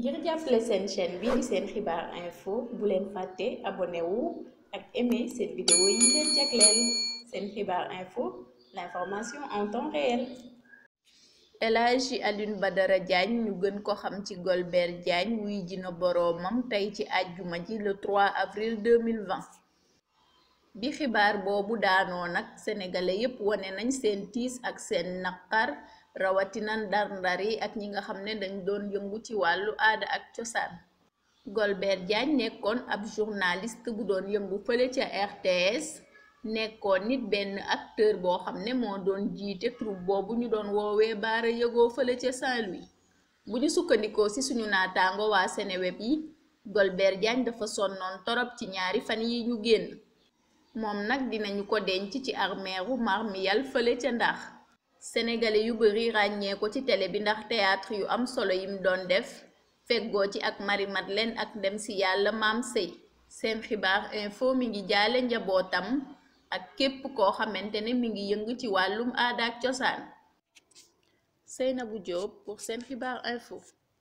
ngir jàppale seen chaîne bi seen xibaar info bu leen fàtte abonné ak aimé seen vidéo yi leen jagleel seen xibaar info l'information en temps réel. El Hadji Alioune Badara Diagne ñu gën ko xam ci Golbert Diagne wuy jina boroomam tey ci àjjuma ji le 3 avril 2020. bi xibaar boobu daanoo nag sénégalais yépp wane nañ seen tiis ak seen naqar rawatina ndar ak ñi nga xam ne dañ doon yëngu ci wàllu aada ak cosaan golbeer Diagne nekkoon ab journaliste bu doon yëngu fële ca RTS nekkoon nit benn acteur boo xam ne moo doon jiite troupe boobu ñu doon woowee baara yëgoo fële ca Saint-Louis bu ñu sukkandikoo ci suñu naataango waa Seneweb yi golbeer Diagne dafa sonnoon torop ci ñaari fan yi ñu génn moom nag dinañu ko denc ci armeeru Marmiyal fële ca Ndar sénégalais yu bari ràññee ko ci télé bi ndax théâtre yu am solo yim doon def feggoo ci ak Marie Madeleine ak ndem ci yàlla maam sey seen xibaar info mi ngi jaale njabootam ak képp koo xamante ne mi ngi yëngu ci wàllum aada ak cosaan Seynabou Diop pour seen xibaar info